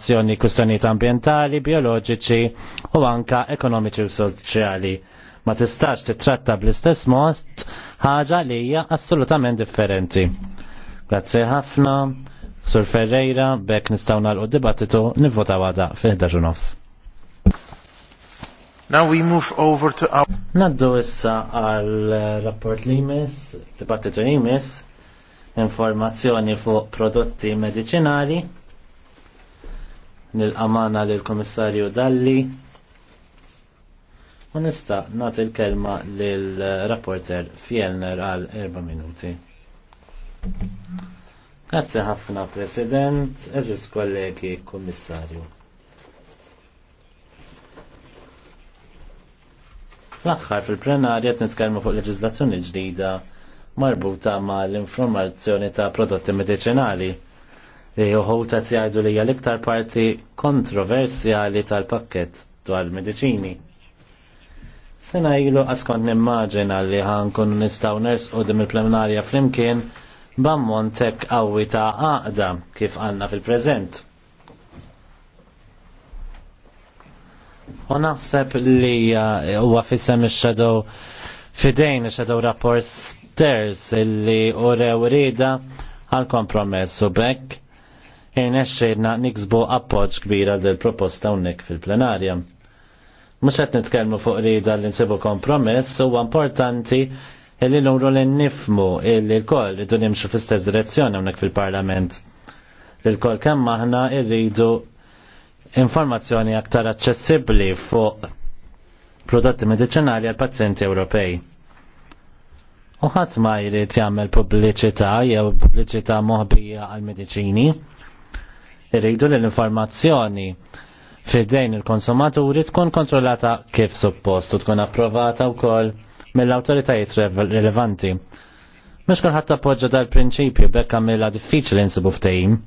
azzjoni kwistjonijiet ambjentali, bioloġiċi u anka ekonomiċi u soċjali. Ma tistax titratta bl-istess mod ħaġa li hija assolutament differenti. Grazzi ħafna, Sur Ferreira, bekk nistgħu nagħlqu dibattitu nivvota għada fil-11 nofs. Now we move over to our... Naddu issa għal rapport li jmiss, dibattitu jmiss, informazzjoni fuq prodotti medicinali nil-amana l-Komissarju Dalli u nista nat il-kelma l-rapporter Fjellner għal 4 minuti. Grazie ħafna President, eżis kollegi Komissarju. L-axħar fil-plenarja qed fuq leġizlazzjoni ġdida marbuta ma l-informazzjoni ta' prodotti medicinali li uħut tjajdu jgħidu li hija l-iktar parti kontroversjali tal-pakket dwar medicini. mediċini Sena ilu għaskont nimmaġina li kun nistaw ners u dim il-plenarja flimkien bammon tek qawwi ta' għaqda kif għanna fil-prezent. U naħseb li uh, huwa fissem ix-shadow fidejn ix-shadow rapporters illi u rew rida għal kompromess u bekk irnexxejna niksbu appoġġ kbira del proposta hawnhekk fil-plenarja. Mhux qed nitkellmu fuq rida li nsibu kompromess huwa importanti illi l-umru li nifmu illi l-koll idu nimxu fl-istess direzzjoni hawnhekk fil-Parlament. L-koll kemm aħna rridu informazzjoni aktar aċċessibbli fuq prodotti medicinali għal pazjenti Ewropej. U ħadd ma jrid jagħmel pubbliċità jew pubbliċità moħbija għal mediċini irridu li l-informazzjoni fidejn il-konsumaturi tkun kontrollata kif suppost u tkun approvata wkoll mill-awtoritajiet rilevanti. kun kulħadd poġġa dal-prinċipju bekk għamilha diffiċli insibu ftehim.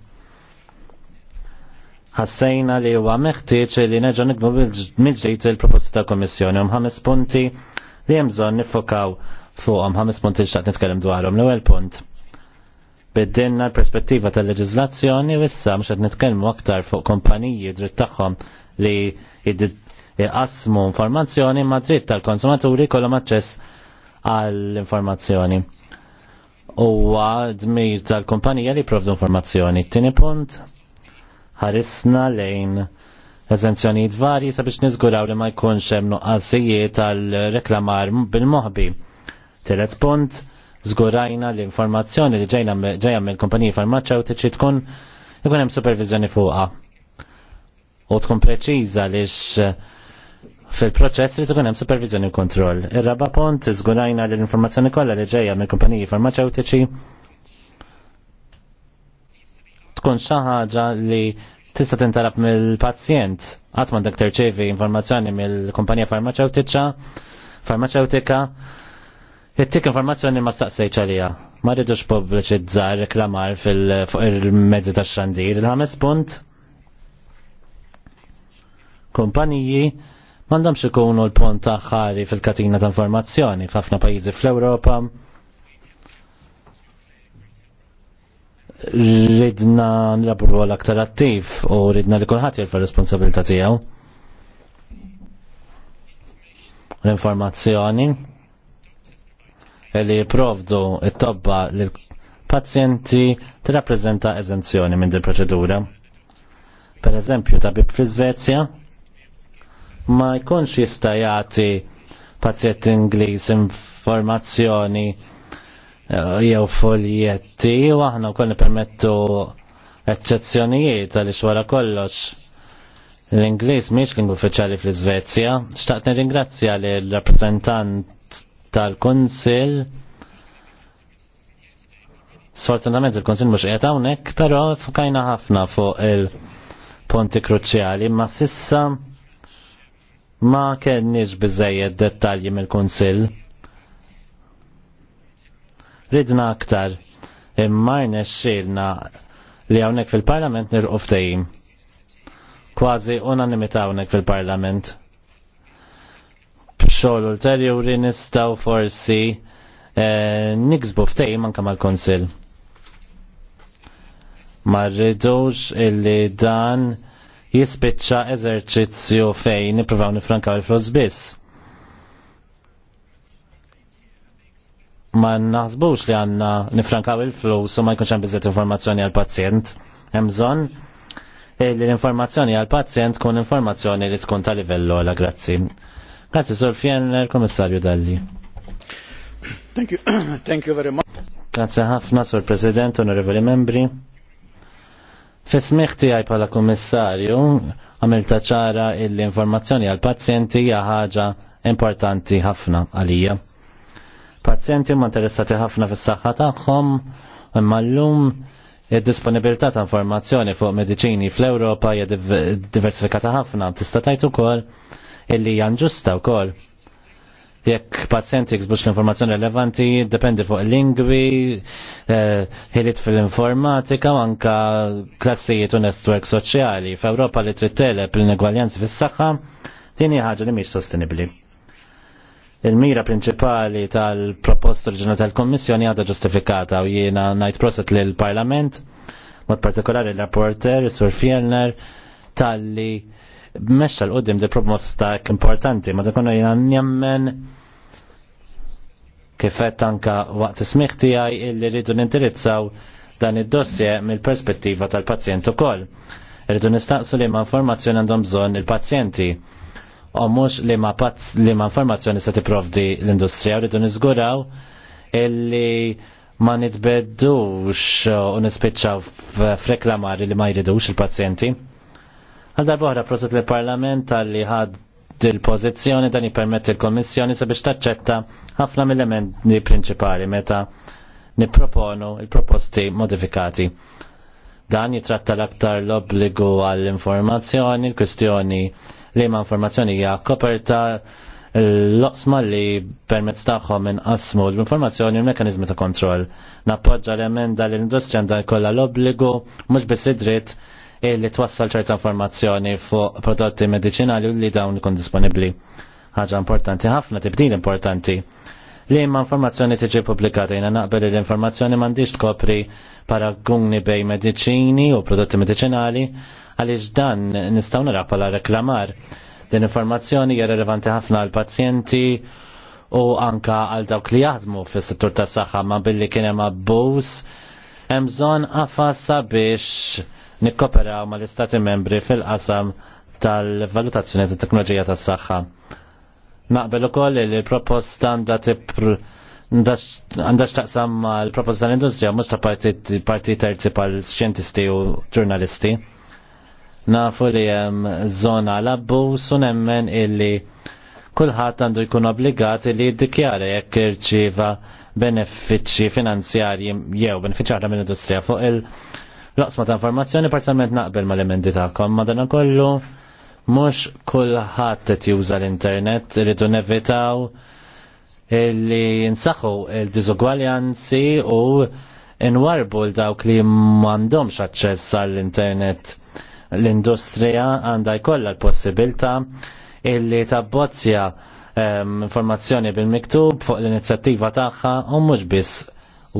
Ħassejna li huwa meħtieġ li neġa' nikbu mill-ġdid il-proposta ta' Kommissjoni hemm ħames punti li hemm bżonn nifokaw fuqhom ħames punti xaqt nitkellem dwarhom. L-ewwel punt Biddilna l-perspettiva tal-leġizlazzjoni u issa mhux qed nitkellmu aktar fuq kompaniji dritt tagħhom li jqasmu informazzjoni ma dritt tal-konsumaturi kollhom aċċess għall-informazzjoni. Huwa dmir tal-kumpanija li provdu informazzjoni. Tieni punt ħarisna lejn eżenzjonijiet varji sabiex niżguraw li ma jkunx hemm nuqqasijiet tal-reklamar bil-moħbi. Telet punt, zgurajna l-informazzjoni li ġejja mill kumpaniji farmaceutiċi tkun ikun hemm supervizjoni fuqha. U tkun preċiża lix fil-proċess li tkun hemm supervizjoni u kontroll. Ir-raba pont żgurajna l-informazzjoni kollha li ġejja mill kumpaniji farmaceutiċi tkun xi ħaġa li tista' tintarab mill-pazjent qatt m'għandek terċevi informazzjoni mill-kumpanija farmaceutiċa farmaceutika Jittik informazzjoni ma staqsejċ għalija. Ma rridux pubbliċizzar reklamar fuq il-mezzi ta' xandir. Il-ħames punt. Kumpaniji m'għandhomx ikunu l-punt ta' ħari fil-katina ta' informazzjoni f'ħafna pajjiżi fl-Ewropa. Ridna nlabru għal aktar attiv u ridna li kulħadd jirfa' responsabilità tiegħu. L-informazzjoni li jiprovdu it-tobba l-pazjenti tirrappreżenta eżenzjoni minn din proċedura. Per eżempju, tabib fl Svezja ma jkunx jista' jagħti pazjent Ingliż informazzjoni eh, jew foljetti u aħna wkoll permettu eċċezzjonijiet għaliex wara kollox l-Ingliż mhix lingwa uffiċjali fl-Iżvezja. Xtaqt nirringrazzja lill rappreżentant tal-Kunsill Sfortunatament il-Konsil mhux qiegħed hawnhekk, però fukajna ħafna fuq il-ponti kruċjali, ma sissa ma kenniex biżejjed dettalji mill-Kunsill. Ridna aktar imma rnexxielna li hawnhekk fil-Parlament nilqu ftehim. Kważi unanimità hawnhekk fil-Parlament xogħol ulterjuri nistgħu forsi eh, niksbu ftehim anke mal-Kunsill. Ma rridux illi dan jispiċċa eżerċizzju fejn nippruvaw nifrankaw il-flus biss. ma naħsbux li għanna nifrankaw il-flus u ma jkunx hemm biżżejjed informazzjoni għal pazjent. Hemm bżonn li l-informazzjoni għal pazjent tkun informazzjoni li tkun ta' livell ola, grazzi. Grazie, Sorfien, il commissario Dalli. Thank you, thank you very much. Grazie ħafna, Sor President, onorevoli membri. Fismiħti għaj pala kommissarju, għamilta ċara l-informazzjoni għal-pazjenti ħaġa importanti ħafna għalija. Pazjenti ma interessati ħafna fis-saħħa tagħhom, imma llum id-disponibilità ta' informazzjoni fuq mediċini fl-Ewropa hija diversifikata ħafna. Tista' tajt ukoll illi janġusta u kol. Jekk pazjent jiksbux l-informazzjoni relevanti, dependi fuq lingwi, eh, ħiliet uh, fil-informatika, u anka klassijiet u network soċjali. F'Ewropa li trittele telep l-inegwaljanzi fis-saħħa, tieni ħaġa li mhix sostenibbli. Il-mira prinċipali tal-proposta l-ġurnata tal-Kommissjoni għadha ġustifikata u jiena najt proset li l-Parlament, mod partikolari l-rapporter, Sur Fjellner, tal-li mexxa l qoddim di stak importanti, ma tkun jina njemmen kifet anka waqt ismiħ tiegħi illi rridu nindirizzaw dan id dossie mill-perspettiva tal-pazjent ukoll. Rridu nistaqsu li ma informazzjoni għandhom bżonn il-pazjenti u mhux li ma pazz li ma informazzjoni se tipprovdi l-industrija rridu niżguraw illi ma nitbeddux u nispiċċaw f-reklamari li ma jridux il-pazjenti. Għal darbohra proset li parlament għalli ħad dil-pozizjoni dan jipermetti il-Komissjoni sabiex taċċetta ħafna mill-elementi prinċipali meta niproponu il-proposti modifikati. Dan jitratta l-aktar l-obbligu għall-informazzjoni, l-kwestjoni li ma' informazzjoni hija koperta l-oqsma li permezz tagħhom inqasmu l-informazzjoni u mekanizmi ta' kontroll. Nappoġġa l-emenda l-industrija għandha jkollha l-obbligu mhux biss id-dritt li twassal ċerta informazzjoni fuq prodotti medicinali u li dawn ikun disponibbli. Ħaġa importanti ħafna, tibdil importanti. Li imma informazzjoni tiġi pubblikata jina naqbel l-informazzjoni mandiġ tkopri paraguni bej mediċini u prodotti medicinali għaliex dan nistgħu nara bħala reklamar. Din informazzjoni hija relevanti ħafna għal pazjenti u anka għal dawk li jaħdmu fis-settur tas-saħħa ma billi kien hemm abbuż hemm bżonn qafas sabiex nikkoperaw mal-Istati membri fil-qasam tal-valutazzjoni ta' teknoloġija tas saħħa Naqbel ukoll li l-proposta għandha għandax taqsam mal-proposta tal-industrija mhux ta' parti terzi pal xjentisti u ġurnalisti. Nafu li hemm żona labbu su nemmen illi kulħadd għandu jkun obbligat li jiddikjara jekk irċieva benefiċċji finanzjarji jew benefiċċji minn industrija fuq il- loqsma ta' informazzjoni parzialment naqbel ma' l-emendi ta'kom, ma' dan kollu mux kullħat qed juża l-internet irridu nevitaw illi jinsaxu il dizugwaljanzi u nwarbu l-dawk li m'għandhomx aċċess għall-internet. L-industrija għandha jkollha l-possibilità illi tabbozzja ehm, informazzjoni bil-miktub fuq l-inizjattiva tagħha u mhux biss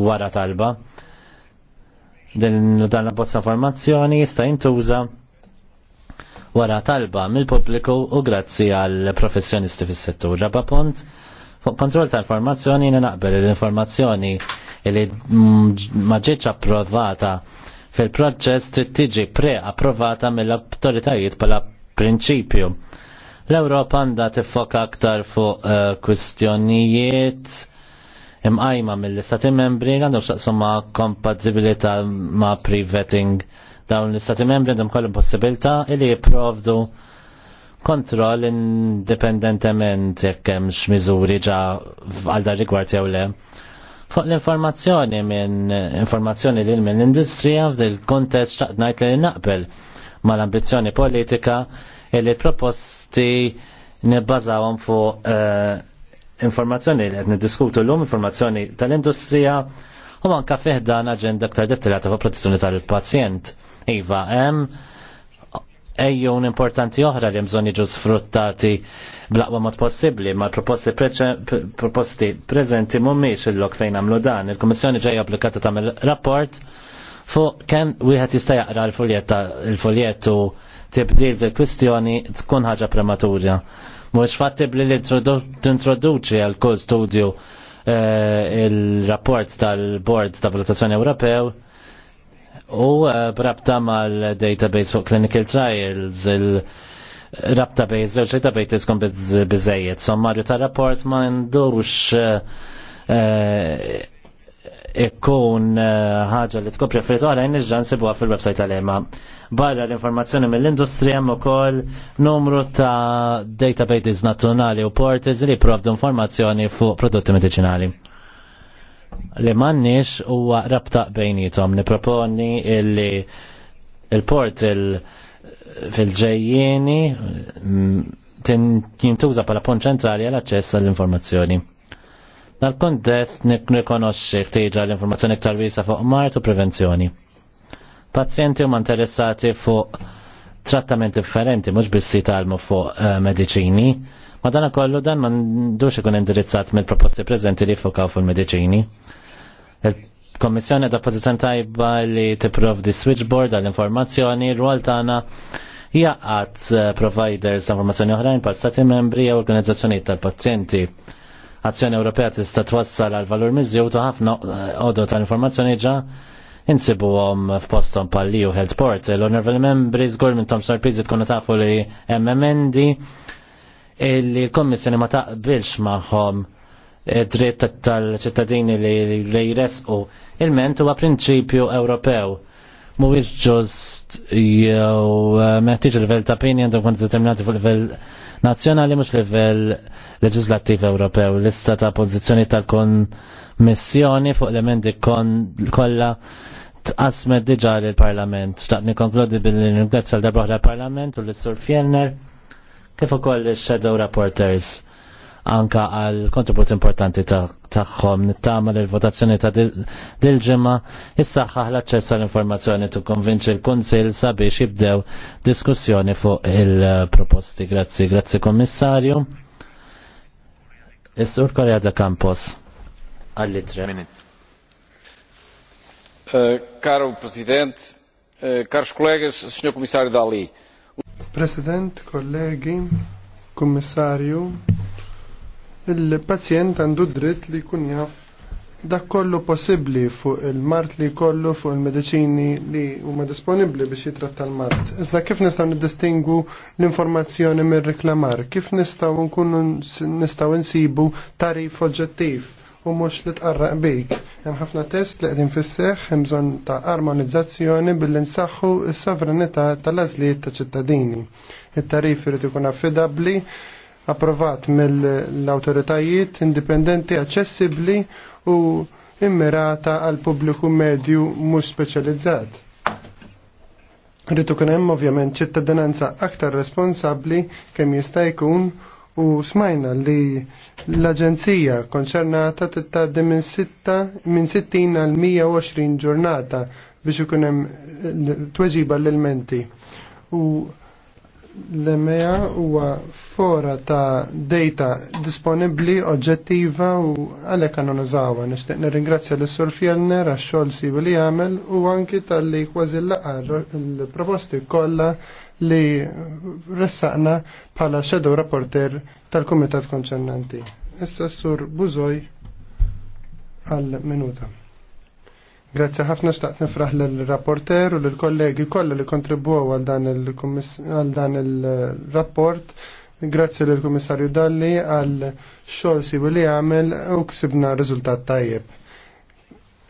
wara talba. Din dan la bozza formazzjoni jista' jintuża wara talba mill-pubbliku u grazzi għal professjonisti fis-settur. Raba punt, fuq kontroll tal-informazzjoni naqbel l-informazzjoni li mm, ma ġietx approvata fil-proċess trid tiġi pre-approvata mill-awtoritajiet bħala prinċipju. L-Ewropa għandha tiffoka aktar fuq eh, kwistjonijiet imqajma mill-istati membri għandhom xaqsum ma' kompatibilità ma' pre-vetting dawn l-istati membri għandhom kollu possibilità illi jiprovdu kontroll indipendentement jekk hemmx xmiżuri ġa għal dar rigward jew le. Fuq l-informazzjoni minn informazzjoni lil minn l-industrija f'dil kontest xaqt ngħid li naqbel mal-ambizzjoni politika li proposti nibbażawhom fuq uh, informazzjoni li qed niddiskutu llum informazzjoni tal-industrija u man fih dan aġenda aktar dettaljata fuq protezzjoni tal-pazjent. Iva hemm un importanti oħra li bżonn jiġu sfruttati blaqwa mod possibbli, ma proposti, proposti preżenti mhumiex il-lok fejn għamlu dan. il komissjoni ġejja applikata tagħmel rapport fuq kemm wieħed jista' jaqra l-foljetta l-foljettu tibdil fil kwistjoni tkun ħaġa prematurja. Mux fattib li tintroduċi introduċi għal kull studju eh, il-rapport tal-Bord ta' Valutazzjoni Ewropew u eh, brabta mal-database fuq clinical trials il-rabta bej zewġ database tkun bizzejiet. Sommarju tal-rapport ma ndux eh, ikkun eh, ħaġa li tkopri fritu għalajn iġġan fil-websajt tal ema Barra l-informazzjoni mill-industrija hemm ukoll numru ta' databases nazzjonali u portals li provdu informazzjoni fuq prodotti medicinali. Li mannix huwa rabta bejnietom niproponi illi il-portal fil ġejjeni mm, jintuża pala pont ċentrali għal-aċċess għall-informazzjoni għal kontest nikonoxxi ħtieġa l-informazzjoni iktar wiesa fuq mart u prevenzjoni. Pazjenti huma interessati fuq trattamenti differenti, mhux biss jitalmu fuq eh, mediċini, ma dan kollu dan m'għandux ikun indirizzat mill-proposti preżenti li jfokaw fuq il-mediċini. Il-Kommissjoni da pożizzjoni tajba li tipprovdi switchboard għall-informazzjoni, r-rwol tagħna jaqat eh, providers ta' informazzjoni oħrajn pal stati membri jew organizzazzjonijiet tal-pazjenti azzjoni Ewropea tista' twassal għal valur miżjew ta' ħafna għodot ta' informazzjoni ġa insibu għom f'postom palli u health portal. L-onorvel membri żgur minn tom sorprizi tkunu tafu li MMND li l-Kommissjoni ma taqbilx id dritt tal-ċittadini li jresqu il-ment huwa prinċipju Ewropew mhuwiex ġust jew eh, meħtieġ livell ta' opinion dok kont determinati fuq livell nazzjonali mhux livell leġislattiv Ewropew. Lista ta' pożizzjoni tal-kommissjoni fuq elementi kollha tqasmet diġà lill parlament Xtaqt nikkonkludi billi ringrazzja l darba l-Parlament u l-Sur Fjellner kif ukoll ix-Shadow Rapporters anka għal kontribut importanti taħħom nittama l votazzjoni ta' dil ġemma jissaħħaħ l-aċċess għall informazzjoni tu konvinċi l-Kunsil sabiex jibdew diskussjoni fuq il-proposti. Grazzi, grazzi Kommissarju. Istur sur Korea da Campos għall litre Karo eh, President, karx eh, kollegas, Signor Kommissarju Dali. President, kollegi, komissarju, il-pazjent għandu dritt li jkun jaf dak kollu possibbli fuq il-mart li kollu fuq il-medicini li huma disponibbli biex jitratta l-mart. Iżda kif nistgħu niddistingu l-informazzjoni mir reklamar Kif nistgħu nkunu nistgħu nsibu tarif oġġettiv u mhux li tqarraq bejk. Hemm ħafna test li qegħdin fis-seħħ hemm bżonn ta' armonizzazzjoni billi nsaħħu s-sovranità tal-għażliet ta' ċittadini. It-tarif irid ikun affidabbli approvat mill-autoritajiet indipendenti aċċessibbli u immirata għal pubbliku medju mhux speċjalizzat. Rritu kien hemm ovvjament ċittadinanza aktar responsabbli kemm jista' jkun u smajna li l-Aġenzija konċernata tittaddi minn 60 għal 120 ġurnata biex ikun hemm tweġiba l menti U l-EMEA huwa fora ta' data disponibli, oġġettiva u għalhekk għandna nużawha. Nixtieq nirringrazzja lis sur Fjellner għax-xogħol sibu li jagħmel u anki tal-li kważi laqar il-proposti kollha li ressaqna bħala shadow rapporter tal-Kumitat Konċernanti. Issa sur Buzoj għal-minuta. Grazzi ħafna xtaqt nifraħ l-rapporter u l-kollegi kollha li kontribwew għal dan il-rapport. Eh, Grazzi l-Kummissarju Dalli għal xogħol siwi li għamel u ksibna riżultat tajjeb.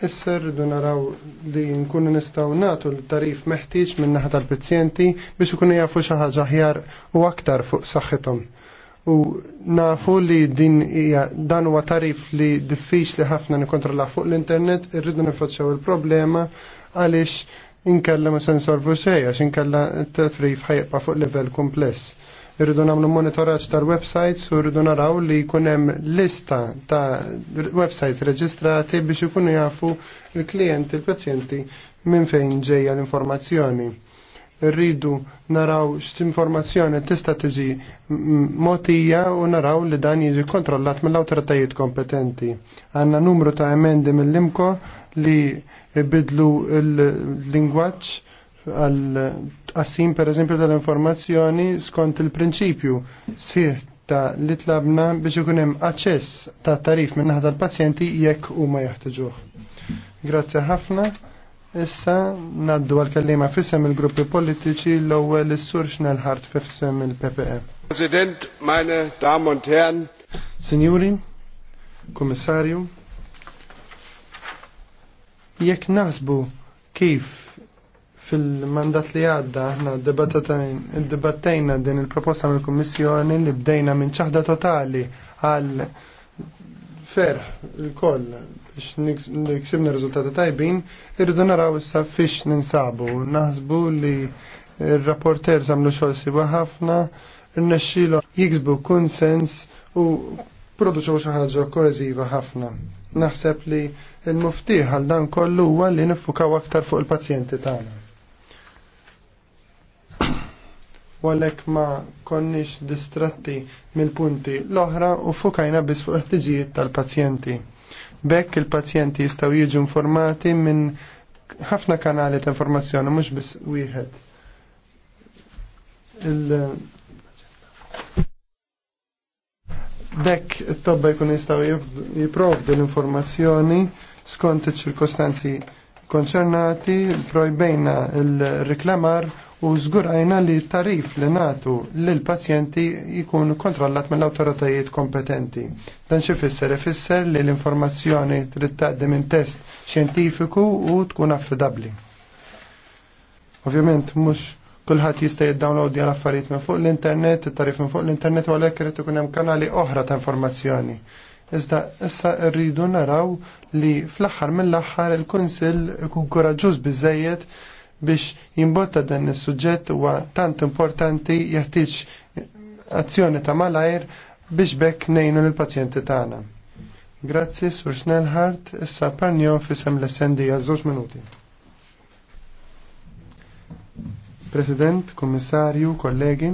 Issa rridu naraw li nkunu nistgħu nagħtu l-tarif meħtieġ min naħa tal-pazjenti biex ikunu jafu xi ħaġa aħjar u aktar fuq saħħithom u nafu li din hija dan huwa tarif li diffiċli ħafna nikontrolla fuq l-internet, irridu nifaċċew il-problema għaliex inkella ma se nsolvu għax inkella t-tarif ħajqa fuq livell kompless. Irridu nagħmlu monitoraċ tal-websites u rridu naraw li jkun hemm lista ta' websites reġistrati biex ikunu jafu l-klijenti, il-pazjenti minn fejn ġejja l-informazzjoni rridu naraw x'informazzjoni tista' tiġi motija u naraw li dan jiġi kontrollat mill-awtoritajiet kompetenti. Għanna numru ta' emendi mill-imko li bidlu l-lingwaġġ għal qassim per eżempju tal-informazzjoni skont il-prinċipju sieħ ta' li tlabna biex ikun hemm aċċess ta' tarif minn naħa tal-pazjenti jekk huma jeħtieġuh. Grazzi ħafna. Issa naddu għal-kellima fissem il-gruppi politiċi l-ewwel is-sur Schnellhardt fissem il-PPE. President, meine Damen und Herren. Signori, Kommissarju, jekk naħsbu kif fil-mandat li għadda aħna dibattajna din il-proposta mill kummissjoni li bdejna minn ċaħda totali għal ferħ il-koll biex niksibna riżultati tajbin, irridu naraw issa fiex ninsabu. Naħsbu li il-rapporter samlu xogħol siwa ħafna, irnexxielu jiksbu konsens u produċu xi ħaġa ħafna. Naħseb li l-muftiħ għal dan kollu huwa li nifukaw aktar fuq il-pazjenti tagħna. Walek ma konniex distratti mill-punti l-oħra u fukajna biss fuq il-ħtiġijiet tal-pazjenti. Bekk il-pazjenti jistgħu jiġu informati minn ħafna kanali ta' informazzjoni mhux biss wieħed. Il... Bekk it-tobba jkun jistgħu jipprovdu l-informazzjoni skont iċ-ċirkostanzi konċernati, projbejna il-reklamar u zgurajna li tarif li natu l pazjenti jkun kontrollat mill-awtoritajiet kompetenti. Dan xie fisser ifisser li l-informazzjoni trid taqdim minn test xjentifiku u tkun affidabbli. Ovvjament mhux kulħadd jista' jiddownloadja l-affarijiet minn fuq l-internet, it-tarif minn fuq l-internet u għalhekk irid ikun hemm kanali oħra ta' informazzjoni. Iżda issa rridu naraw li fl-aħħar mill-aħħar il-Kunsill ikun kuraġuż biżejjed biex jimbotta dan is-suġġett huwa tant importanti jeħtieġ azzjoni ta' malajr biex bekk nejnu lill-pazjenti tagħna. Grazzi, Sur Snellhart, issa parnio fissem l-essendi għal żewġ minuti. President, Kommissarju, kollegi.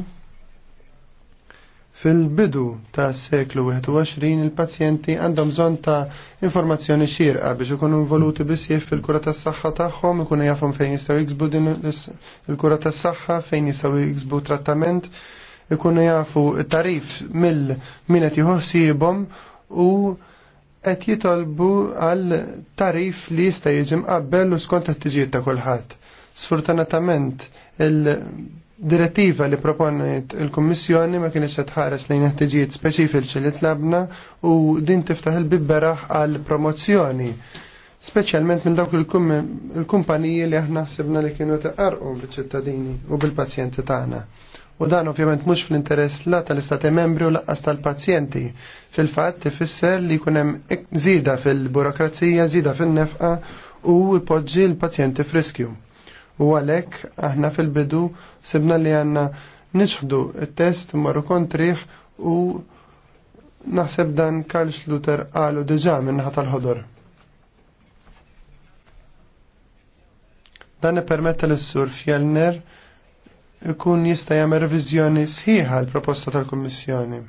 Fil-bidu ta' seklu 21 il-pazjenti għandhom bżonn ta' informazzjoni xierqa biex ikunu involuti bisjef fil-kura tas saħħa tagħhom, ikunu jafhom fejn jistgħu jiksbu din il-kura tas saħħa, fejn jistgħu jiksbu trattament, ikunu jafu tarif mill min qed jħossibhom u qed jitolbu għal tarif li jista' jiġi mqabbel u skont t-tiġijiet ta' kulħadd. Sfortunatament il- direttiva li proponiet il-Kommissjoni ma kienx tħares lejn ħtiġijiet speċifiċi li tlabna u din tiftaħ il-bibberaħ għal promozzjoni speċjalment minn dawk il-kumpaniji li aħna sibna li kienu taqarqu bil-ċittadini u bil-pazjenti tagħna. U dan ovvjament mhux fl-interess la tal-istati membri u laqqas tal-pazjenti. Fil-fatt ifisser li jkun hemm żieda fil-burokrazija, żieda fin-nefqa u jpoġġi l-pazjenti friskju. U għalhekk aħna fil-bidu sibna li għandna nixħdu il test marru kontriħ u naħseb dan Karl Schluter qalu diġà minnaħat tal-ħodor. Dan permetta l sur Fjellner ikun jista' jagħmel reviżjoni sħiħa l-proposta tal-Kummissjoni.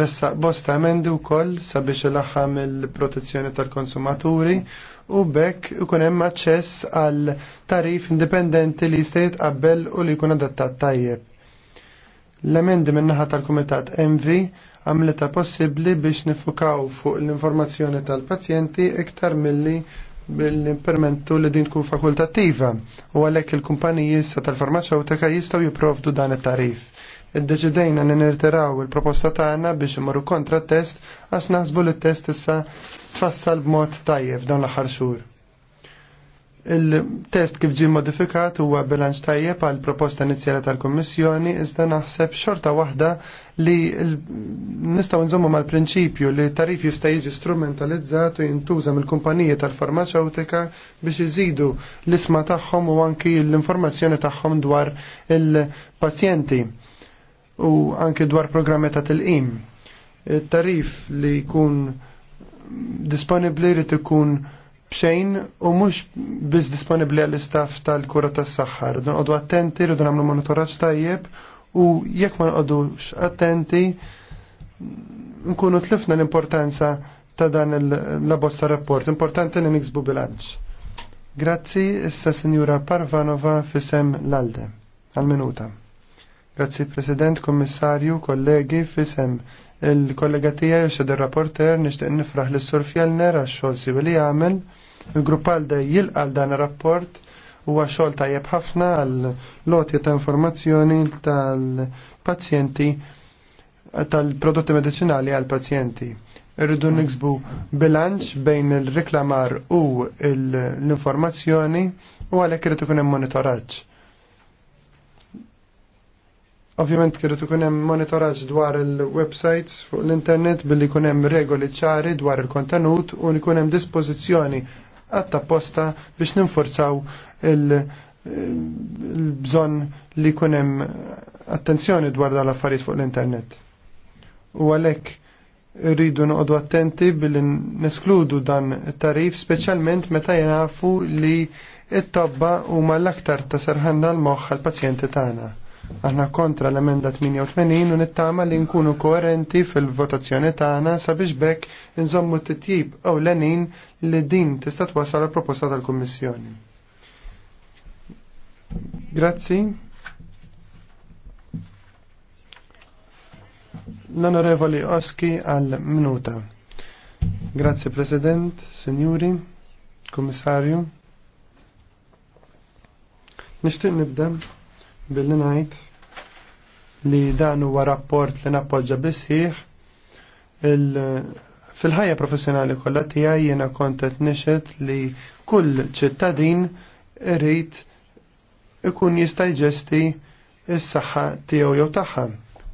Ressaq bosta emendi wkoll sabiex il-aħħam il-protezzjoni tal-konsumaturi u bekk ikun hemm aċċess għal tarif indipendenti li jista' jitqabbel u li jkun adattat tajjeb. L-emendi min-naħa tal-Kumitat MV għamlita possibbli biex nifukaw fuq l-informazzjoni tal-pazjenti iktar milli bil impermentu li din tkun fakultattiva u għalhekk il-kumpaniji issa tal-farmaceutika jistgħu jipprovdu dan it-tarif id-deċidejna li nirtiraw il-proposta tagħna biex imorru kontra test għax naħsbu li t-test issa tfassal b'mod tajjeb dawn l-aħħar xhur. Il-test kif ġie modifikat huwa bilanċ tajjeb għal proposta inizjali tal-Kummissjoni iżda naħseb xorta waħda li nistgħu nżommu mal-prinċipju li tarif jista' jiġi strumentalizzat u jintuża mill kumpanija tal-farmaceutika biex iżidu l-isma tagħhom u anki l-informazzjoni tagħhom dwar il-pazjenti u anke dwar programmi ta' tilqim. Tarif li jkun disponibli li ikun bxejn u mhux biss disponibbli għall-istaff tal-kura tas-saħħa. Rridu nqogħdu attenti, rridu nagħmlu monitoraġġ tajjeb u jekk ma nqogħdux attenti nkunu tlifna l-importanza ta' dan l-abbozza rapport. Importanti li niksbu bilanċ. Grazzi, issa Sinjura Parvanova fisem l-Alde. Għal-minuta. Grazzi President, Kommissarju, kollegi, fisem. Il-kollega tijaj u xedder rapporter nishtiq nifraħ l sur Fjellner għax xogħol si li jagħmel. Il-gruppal da jilqal dan ir-rapport huwa xogħol tajjeb ħafna għal loti ta' informazzjoni tal-pazjenti tal-prodotti medicinali għal pazjenti. Irridu niksbu bilanċ bejn il-reklamar u l-informazzjoni u għalhekk irid ikun hemm monitoraġġ Ovvjament kienu ikun hemm monitoraġġ dwar il-websites fuq l-internet billi jkun hemm regoli ċari dwar il-kontenut u jkun hemm dispożizzjoni għatta posta biex ninforzaw il-bżon il li kunem attenzjoni dwar dal-affarijiet fuq l-internet. U għalek rridu noqdu attenti billi neskludu dan tarif specialment meta jenafu li it-tobba u mal-aktar ta' serħanna l-moħħ għal-pazjenti tagħna. Aħna kontra l-emenda 88 u nittama li nkunu koerenti fil-votazzjoni tagħna sabiex bekk inżommu t-tjib l-enin li din tista' twasal proposta tal-Kummissjoni. Grazzi. L-Onorevoli Oski għal minuta. Grazie President, Signori, Kommissarju. Nishtiq nibda billi ngħid li dan huwa rapport li nappoġġa bisħiħ fil-ħajja professjonali kollha tiegħi jiena kont qed nixed li kull ċittadin irid ikun jista' jġesti s-saħħa tiegħu jew tagħha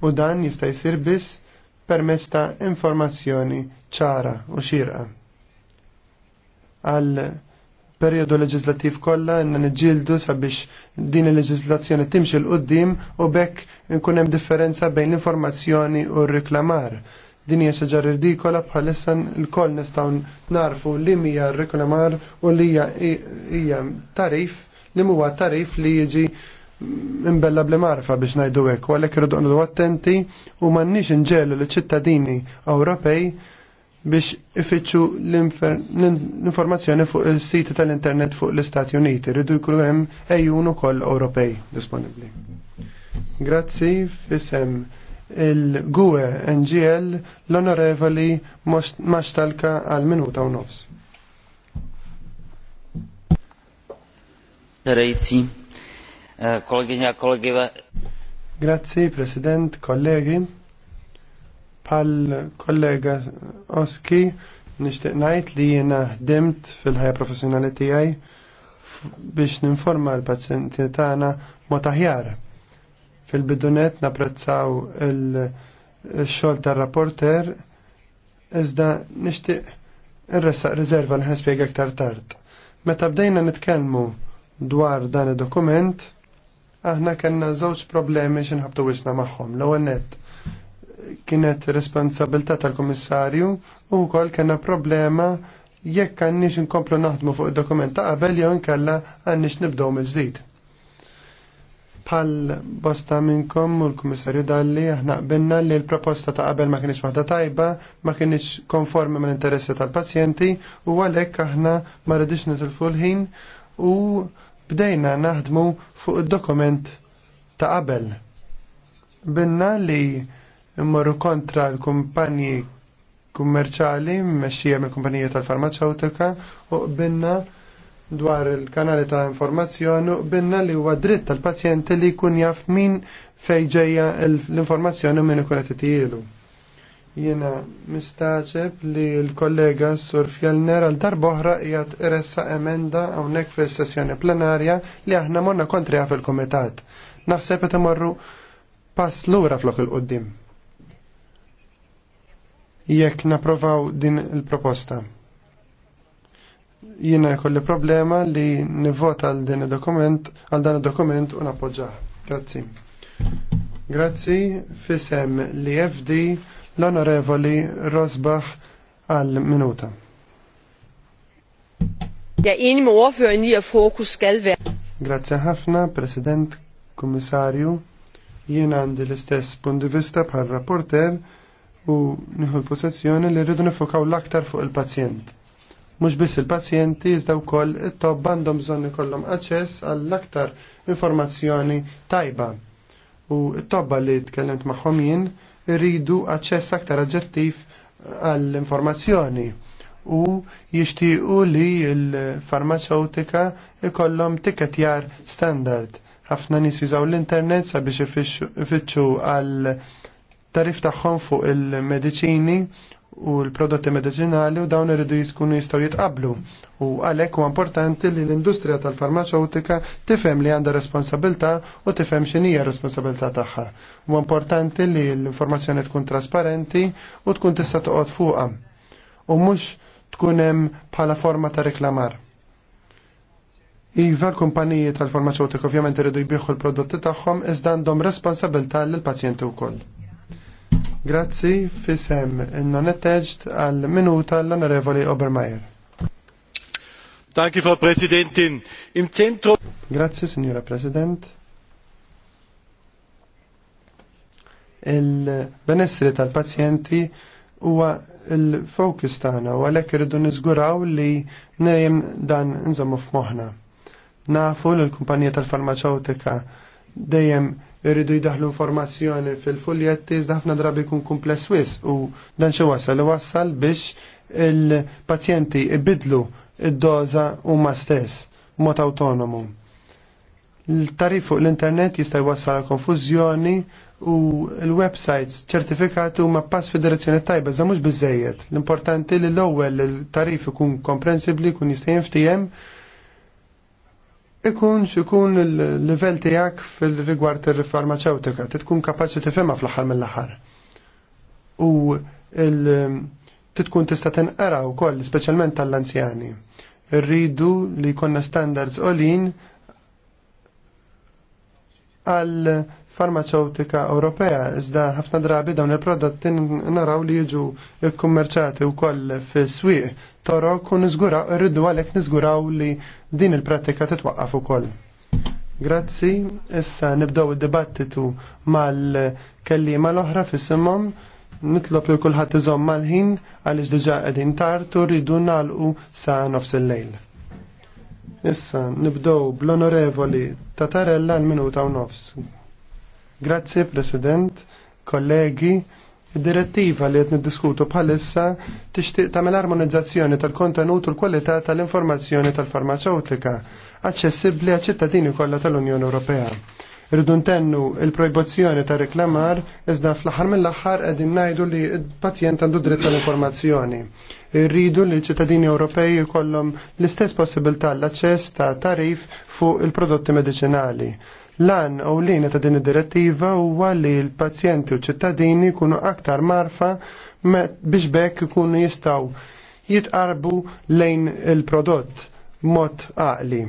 u dan jista' jsir biss permezz ta' informazzjoni ċara u xirqa. Għal periodu leġislattiv kollha inna niġġieldu sabiex din il-leġislazzjoni timx l qudiem u bekk nkun hemm differenza bejn l-informazzjoni u r-reklamar. Din hija xi ridikola bħalissa l-koll nistgħu narfu li hija r-reklamar u li hija tarif li huwa tarif li jiġi imbella bli marfa biex ngħidu hekk, u għalhekk irridu attenti u m'għandniex inġelu l-ċittadini Ewropej biex ifittxu l-informazzjoni fuq il-siti tal-internet fuq l-Istati Uniti. Ridu jkunu hemm ejjun ukoll Ewropej disponibbli. Grazzi f'isem il-GUE NGL l-onorevoli Maċtalka għal minuta u nofs. Rejzi, eh, kolleginja, kollegiva. Grazzi, President, kollegi. Pal kollega Oski, nishtiq najt li jena ħdimt fil-ħajja professjonali tijaj biex ninforma l pazjenti tagħna mod aħjar. Fil-bidunet napprezzaw il-xogħol tar-rapporter iżda nixtieq irressaq riserva li ħnispjega aktar tard. Meta bdejna nitkellmu dwar dan id-dokument, aħna kellna żewġ problemi xi nħabtu wisna magħhom. L-ewwel nett kienet responsabilità tal-Komissarju u wkoll kena problema jekk għannix nkomplu naħdmu fuq id-dokumenta qabel jew inkella għannix nibdew mill-ġdid. Bħal bosta minnkom u l-Kummissarju Dalli aħna qbilna li l-proposta ta' qabel ma kienx waħda tajba, ma kienx konformi mal interessi tal-pazjenti u għalhekk aħna ma rridix nitilfu l-ħin u bdejna naħdmu fuq id-dokument ta' qabel. Binna li immorru kontra l-kumpanji kummerċali mmexxija mill-kumpanija tal-farmaceutika u qbilna dwar il-kanali ta' informazzjoni u qbilna li huwa dritt tal-pazjenti li jkun jaf min fejn ġejja l-informazzjoni minn ikun qed itilu. Jiena mistaċeb li l-kollega Sur Fjellner għal darboħra jgħat iressa emenda hawnhekk fis-sessjoni plenarja li aħna morna kontrija fil-kumitat. Naħseb qed imorru pass lura flok il-qoddim jekk naprovaw din il-proposta. Jiena jkolli problema li nivvota għal din il-dokument għal dan il-dokument u napoġġaħ. Grazzi. Grazzi fisem li FD l-onorevoli Rosbach għal minuta. Ja in mu għin li fokus kelve. Grazzi ħafna, President, Kommissarju. Jien għandi l-istess punt di vista bħal rapporter u nieħu l-possessjoni li rridu nifokaw l-aktar fuq il-pazjent. Mhux biss il-pazjenti iżda wkoll it top għandhom bżonn ikollhom aċċess għall-aktar informazzjoni tajba. U t-tobba li tkellimt magħhom jien rridu aċċess aktar aġġettiv għall-informazzjoni u jixtiequ li l-farmaceutika ikollhom jar standard. Ħafna nies jużaw l-internet sabiex ifittxu għal tarif tagħhom fuq il-mediċini u l-prodotti medicinali u dawn irridu jiskunu jistaw jitqablu. U għalek u importanti li l-industrija tal-farmaceutika tifhem li għandha responsabilta u tifhem x'inhija responsabilta tagħha. U importanti li l-informazzjoni tkun trasparenti u tkun tista' toqgħod fuqha. U mhux tkun hemm bħala forma ta' reklamar. Iva l-kumpaniji tal-farmaceutika ovvjament irridu jbieħu l-prodotti tagħhom iżda għandhom responsabilta lill-pazjenti wkoll. Grazzi, fisem, non attached għal minuta l-onorevoli Obermeier. Danke, Frau Präsidentin. Im Zentrum... Grazzi, signora President. Il-benessri tal-pazjenti huwa il-fokus tagħna u għalhekk irridu niżguraw li nejjem dan nżommu f'moħħna. Nafu l-kumpanija tal-farmaceutika dejjem irridu jidaħlu informazzjoni fil-fuljetti iżda ħafna drabi jkun kumpless wis u dan xi wassal li wassal biex il-pazjenti ibidlu id-doża huma stess mod autonomu. L-tarif fuq l-internet jista' jwassal konfużjoni u l-websites ċertifikati huma pass fi direzzjoni tajba iżda mhux biżejjed. L-importanti li l-ewwel il-tarif ikun komprensibbli jkun jista' jinftiehem ikun xikun il-level tijak fil-rigward il-farmaceutika, titkun kapaċi tifema fl ħar mill ħar U titkun tista' tinqara wkoll, speċjalment tal-anzjani. Rridu li jkollna standards olin għal farmaceutika Ewropea iżda ħafna drabi dawn il-prodotti naraw li jiġu kummerċati wkoll fis-swieq toro kun niżguraw irridu għalhekk niżguraw li din il-prattika titwaqqaf ukoll. Grazzi, issa nibdew id-dibattitu mal-kellima l-oħra fis-simhom nitlob li kulħadd iżomm mal-ħin għaliex diġà qegħdin tartu rridu nagħlqu sa nofs il-lejl. Issa nibdew bl-onorevoli Tatarella l-minuta u nofs. Grazzi, President, kollegi. Id-direttiva li qed niddiskutu bħalissa tixtieq tagħmel armonizzazzjoni tal-kontenut u l-kwalità tal-informazzjoni tal-farmaceutika aċċessibbli għaċ-ċittadini kollha tal-Unjoni Ewropea. Irridu ntennu il-projbozzjoni ta' reklamar iżda fl-aħħar mill-aħħar qegħdin ngħidu li l-pazjent għandu dritt tal-informazzjoni. Irridu li ċittadini Ewropej jkollhom l-istess possibilità l-aċċess ta' tarif fuq il-prodotti mediċinali Lan u lina ta' din id-direttiva huwa li l-pazjenti u ċittadini kunu aktar marfa biex bekk kunu jistaw jitqarbu lejn il-prodott mod għaqli.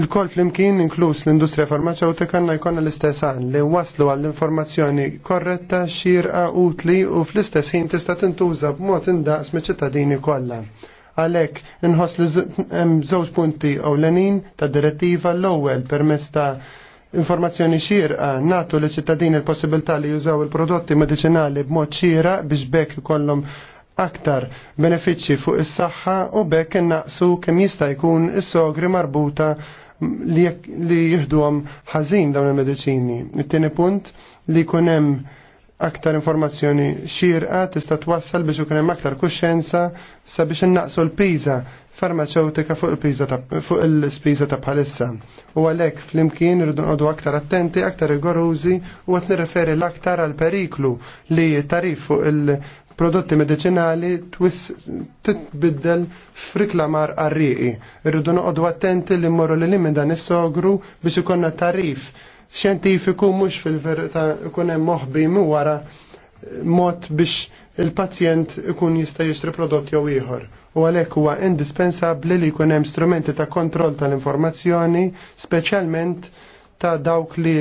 Il-kol flimkien inkluż l-industrija farmaceutika għandna jkollna l-istess għan li waslu għall-informazzjoni korretta, xirqa, utli u fl-istess ħin tista' tintuża b'mod indaqs miċ-ċittadini kollha. Għalhekk inħoss li hemm żewġ punti ewlenin ta' direttiva l-ewwel permezz ta' informazzjoni xirqa natu li ċittadini l-possibilità li jużaw il-prodotti medicinali b'mod xira biex bekk kollhom aktar benefiċċji fuq is-saħħa u bekk innaqsu kemm jista' jkun is-sogri marbuta li jihduhom ħażin dawn il-mediċini. It-tieni punt li jkun hemm aktar informazzjoni xirqa tista' twassal biex ukoll hemm aktar kuxjenza sabiex innaqsu l-piża farmaceutika fuq il-piża fuq il-spiża ta' bħalissa. U għalhekk flimkien irridu nqogħdu aktar attenti, aktar rigorużi u qed nirreferi l-aktar għal periklu li tarif fuq il-prodotti mediċinali twiss titbiddel friklamar għarriqi. Irridu noqogħdu attenti li mmorru lil minn dan is-sogru biex ikollna tarif xjentifiku mhux fil-verità ikun hemm moħbi mu wara mod biex il-pazjent ikun jista' jixtri prodott jew ieħor. U għalhekk huwa indispensabbli li jkun hemm strumenti ta' kontroll tal-informazzjoni, speċjalment ta' dawk li,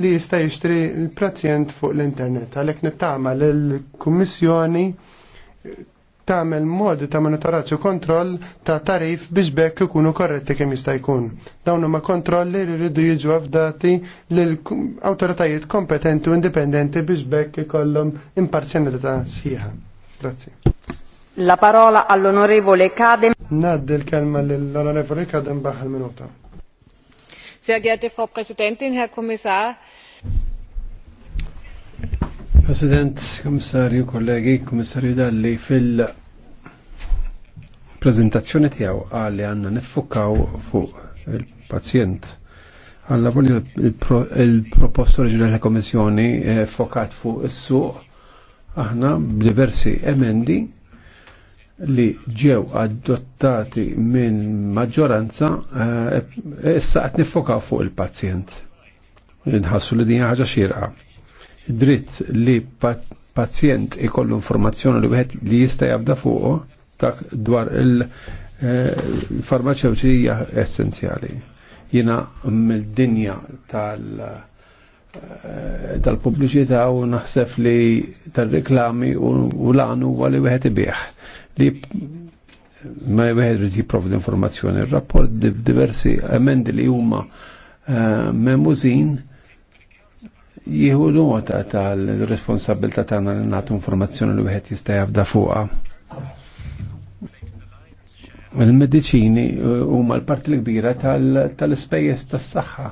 li jista' jixtri l-pazjent fuq l-internet. Għalhekk nittama l-Kummissjoni tagħmel modi ta' monitorazzju kontroll ta' tarif biex bekk ikunu korretti kemm jista' jkun. Dawn huma kontrolli li rridu jiġu fdati l awtoritajiet kompetenti u indipendenti biex bekk ikollhom imparzjalità sħiħa. Grazzi. La parola all'onorevole Kadem. Nad il kelma l-onorevole Kadem baħal minuta. Sehr geehrte Frau Präsidentin, Herr Kommissar, President, Komissarju, kollegi, Komissarju Dalli, fil- prezentazzjoni tiegħu għalli għandna nifukaw fuq il-pazjent. Għalla voli il-proposta ta' komissjoni eh, fokat fuq is-suq aħna b'diversi emendi li ġew adottati minn maġġoranza eh, issa qed nifokaw fuq il-pazjent. Nħassu li din ħaġa xirqa dritt li pazjent ikollu informazzjoni li wieħed li jista' jabda fuqu tak dwar il-farmaceutija eh, essenzjali. Jina mill-dinja tal- eh, tal-pubbliċità u naħseb li tal-reklami u l-għanu għalli wieħed ibieħ li ma wieħed rid jipprov informazzjoni Il-rapport diversi emendi li huma eh, memużin uh, Jihu nota tal-responsabilta tagħna li nagħtu informazzjoni li wieħed jista' jafda fuqha. Il-medicini uh, huma l-parti l-kbira tal-ispejjeż tas-saħħa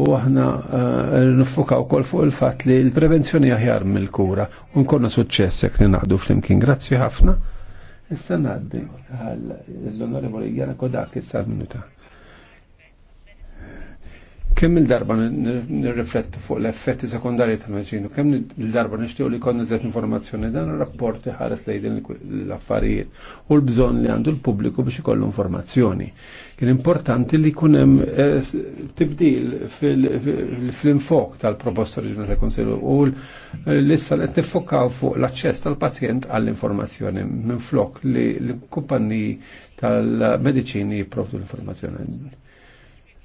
u aħna uh, nifukaw wkoll fuq il-fatt li l-prevenzjoni aħjar mill-kura u nkollna suċċess jekk li flimkien. Grazzi ħafna. Issa ngħaddi l-Onorevoli Jana Kodak issa minuta. Kemm il-darba nirrifletti fuq l-effetti sekundarji ta' maġinu, kemm il-darba nixtieq li konna zet informazzjoni dan ir-rapport ħares lejden l-affarijiet u l-bżonn li għandu l-pubbliku biex ikollu informazzjoni. Kien importanti li jkun hemm eh, tibdil fil-infok tal-proposta oriġinali tal-Konsilju u l-issa qed tiffokaw fuq l-aċċess tal-pazjent għall-informazzjoni minn flok li l-kumpanniji tal medicini jipprovdu l-informazzjoni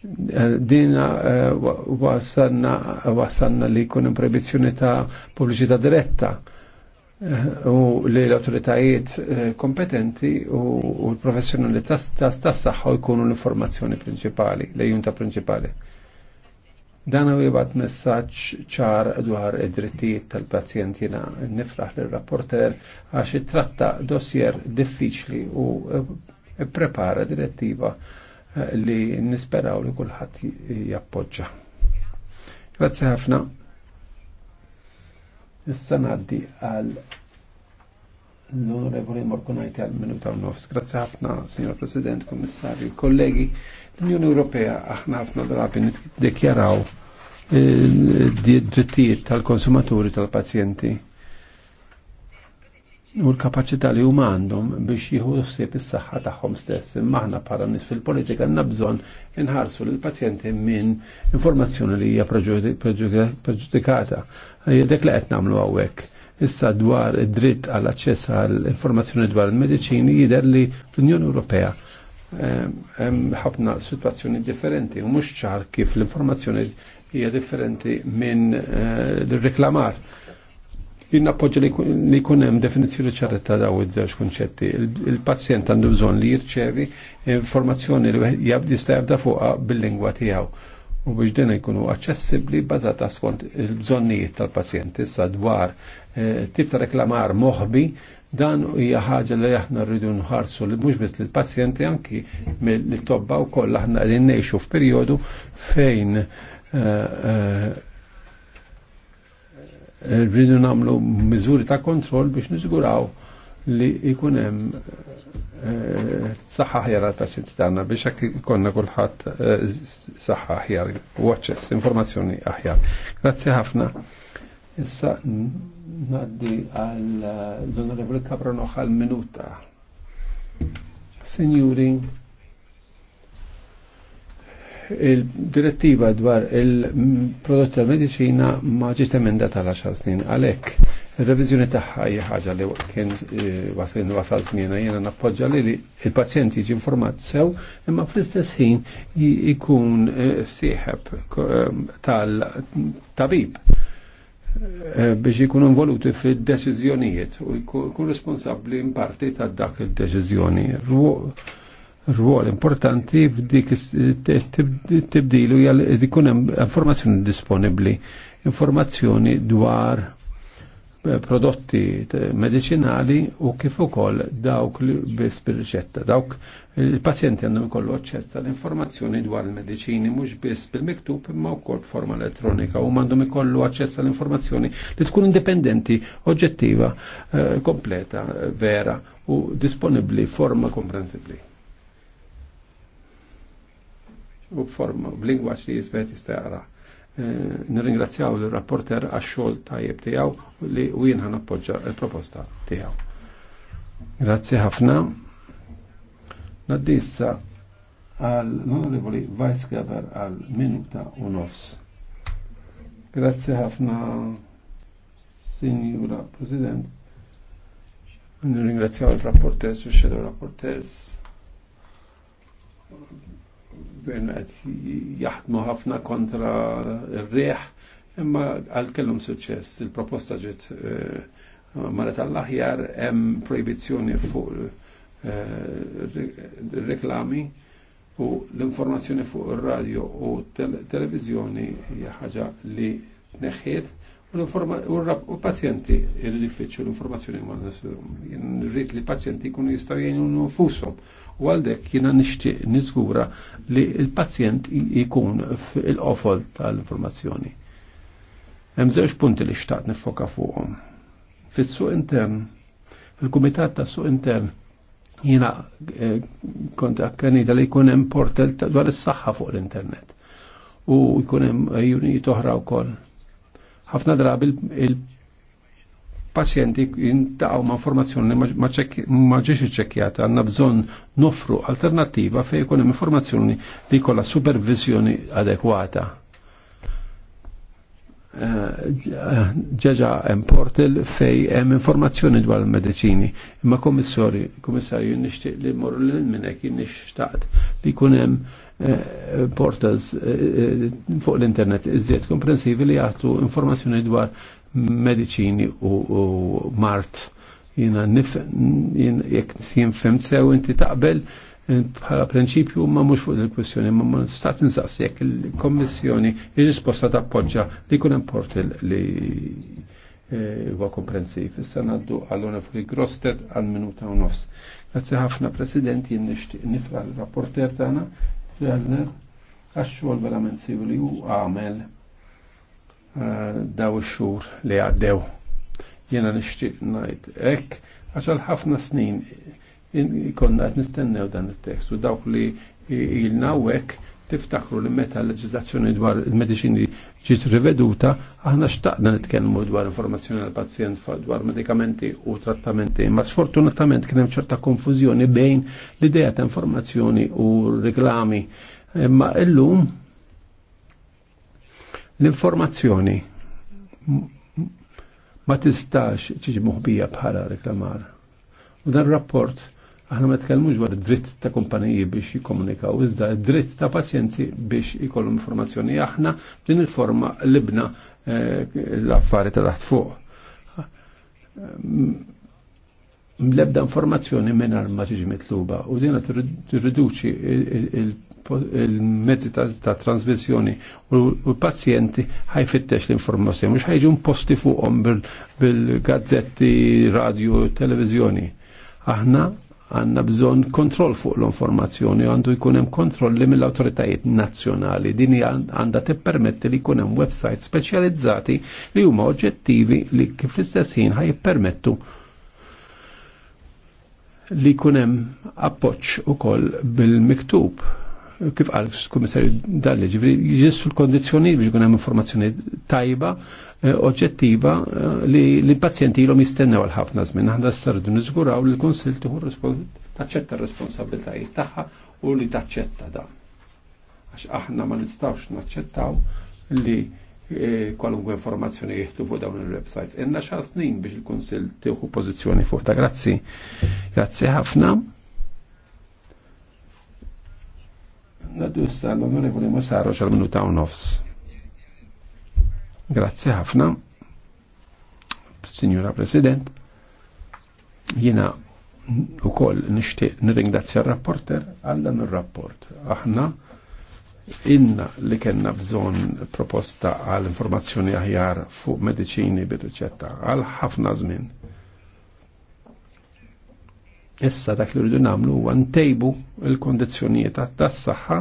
Dina eh, wasanna li kun proibizjoni ta' pubbliċità diretta eh, u li l-autoritajiet eh, kompetenti u l-professjonalità tas-saħħa jkunu l-informazzjoni prinċipali, l-junta prinċipali. Dan u jibat messaċ ċar dwar id-drittijiet tal-pazjentina nifraħ l rapporter għax tratta dossier diffiċli u prepara direttiva li nisperaw li kulħadd jappoġġa. Grazzi ħafna. Issa ngħaddi għal l-Onorevoli Morkunajti għal minuta u nofs. Grazzi ħafna, Signor President, Kommissarju, kollegi. L-Unjoni Ewropea aħna ħafna drabi dikjaraw d-drittijiet tal-konsumaturi tal-pazjenti u l-kapacità li huma għandhom biex jieħu ħsieb is-saħħa tagħhom stess. Imma aħna bħala nies fil-politika għandna bżonn inħarsu lill pazjenti minn informazzjoni li hija preġudikata. Dek li qed nagħmlu hawnhekk. Issa dwar id-dritt għall aċċess għall informazzjoni dwar il-mediċini jidher li l-Unjoni Ewropea ehm, hemm ħafna situazzjoni differenti u mhux ċar kif l-informazzjoni hija differenti minn eh, l-reklamar. Uh, Jien appoġġa li jkun hemm definizzjoni ċarretta daw iż-żewġ kunċetti. Il-pazjent għandu bżonn li jirċevi informazzjoni li jista' jabda fuqha bil-lingwa tiegħu u biex din jkunu aċċessibbli bażata skont il-bżonnijiet tal-pazjent issa dwar eh, tip ta' reklamar moħbi dan hija ħaġa li aħna rridu nħarsu li mhux biss lill-pazjenti anki mill-tobba wkoll aħna qegħdin ngħixu f'perjodu fejn eh, eh, rridu namlu mizuri ta' kontroll biex niżguraw li ikunem eh, saħħa ħjara ta' ċinti tagħna biex hekk ikollna kulħadd eh, saħħa ħjar u aċċess informazzjoni aħjar. Grazzi ħafna. Issa ngħaddi għall eh, l-Onorevoli Cabranoħ minuta. Signori, il-direttiva dwar il-prodotti tal-medicina ma ġiet emendata għal 10 snin għalhekk ir-reviżjoni tagħha hija ħaġa li kien eh, wasal wasal smiena jiena nappoġġa li il-pazjent jiġi informat sew imma fl-istess ħin eh, eh, jkun sieħeb tal-tabib biex jkun involuti fil deċiżjonijiet u jkun responsabbli in parti ta' dak il deċiżjoni rwol importanti f'dik tibdilu jgħal dikun informazzjoni disponibli, informazzjoni dwar eh, prodotti medicinali u kif ukoll dawk biss bir-riċetta. Dawk il-pazjenti għandhom ikollu aċċess għall informazzjoni dwar il-mediċini mhux biss bil-miktub imma wkoll forma elettronika u m'għandhom ikollu aċċess għall informazzjoni li tkun indipendenti, oġġettiva, eh, kompleta, vera u disponibbli forma komprensibbli u b'forma, b'lingwaġġ li jisbet jistaqra. Eh, nirringrazzjaw l-rapporter għax-xogħol tajjeb tijaw li u jien appoġġa l-proposta tijaw. Grazie ħafna. Naddissa għal l-Onorevoli Vice Gaver għal minuta u nofs. Grazie ħafna, Signora President. Nirringrazzjaw il-rapporters u xedu rapporters jaħdmu ħafna kontra r rieħ imma għal kellhom suċċess. Il-proposta ġiet eh, marret għall-aħjar hemm proibizzjoni fuq eh, reklami u l-informazzjoni fuq ir-radio u televiżjoni hija ħaġa li neħħiet u l-pazjenti il-diffiċċju l-informazzjoni ma' Rrit li pazjenti jkunu jistgħu jgħinu nfushom u għaldek jiena nixtieq niżgura li l-pazjent jikun fil-qofol tal-informazzjoni. Hemm żewġ punti li xtaqt nifoka fuqhom. Fis-suq intern, fil-kumitat tas suq intern jiena eh, kont akkanita li jkun hemm portal dwar is-saħħa fuq l-internet. U jkun hemm unit oħra wkoll. Ħafna drabi il pazjenti jintaqaw ma' informazzjoni ma ġiex iċċekkjata, għanna bżon nofru alternativa fej jkun hemm informazzjoni li jkollha supervizjoni adekwata. Eh, ġeġa hemm portal fej hemm informazzjoni dwar il medicini Imma kommissori, kommissarju nixtieq li mmorru lil minnek hekk li jkun hemm eh, portals eh, fuq l-internet iżjed komprensivi li jagħtu informazzjoni dwar medicini u mart jina jinfem sew inti taqbel bħala prinċipju ma mux fuq il kwissjoni ma ma stat nżas jekk il-kommissjoni jirrisposta tappoġġa li kun importil li e, huwa komprensiv. Issa naddu għallona fuq il-Grosted għal minuta u nofs. Grazie ħafna President jien nixtieq nifra l-rapporter tagħna Fjellner għax-xogħol verament sivu li hu għamel Eh, daw ix-xhur li għaddew. Jiena nixtieq ngħid hekk għaxal ħafna snin konna qed nistennew dan it-tekst u dawk li u ek tiftakru li meta l-leġislazzjoni dwar il-medicini ġiet riveduta, aħna xtaqna nitkellmu dwar informazzjoni għal pazjent dwar medikamenti u trattamenti. Ma sfortunatament kien hemm ċerta konfużjoni bejn l-idea ta' informazzjoni u reklami. Imma illum L-informazzjoni ma tistax ċiġi muħbija bħala reklamar. U dan rapport aħna ma tkellmux dwar dritt ta' kumpaniji biex jikkomunikaw, iżda dritt ta' pazjenti biex ikollu informazzjoni aħna din il-forma libna eh, l-affari ta' taħt fuq mlebda informazzjoni minar ma tiġi mitluba u dina t-riduċi il-mezzi ta' transmissjoni u l-pazjenti ħajfittex l-informazzjoni, mux ħajġu posti fuqhom bil-gazzetti, radio, televizjoni. Aħna għanna bżon kontroll fuq l-informazzjoni u għandu jkun hemm kontrolli mill-awtoritajiet nazzjonali. Din għandha tippermetti li jkun hemm website speċjalizzati li huma oġġettivi li kif l istessin ħaj ħajpermettu li kunem appoċ u koll bil-miktub kif għal kummissarju dalli ġivri jessu l-kondizjoni biex kunem informazzjoni tajba, eh, oġġettiva eh, li l-pazjenti l-om jistennew għal ħafna żmien. Aħna sardu niżguraw li l-Konsil tuħu taċċetta r-responsabiltajiet tagħha u li taċċetta da. Għax aħna ma nistawx naċċettaw li E, kwalunkwe informazzjoni jieħdu fuq dawn il-websites. Inna xa snin biex il-Kunsil tieħu pożizzjoni fuq ta' grazzi. Grazzi ħafna. Naddu issa l-Onorevoli Masaro xal-minuta u nofs. Grazzi ħafna, Signora President. Jina u koll nishtiq nirringrazzja r-rapporter għallan ir rapport Aħna inna li kena bżon proposta għal informazzjoni aħjar fuq medicini bir-riċetta għal ħafna żmien. Issa dak li rridu namlu huwa ntejbu l-kondizzjonijiet tas-saħħa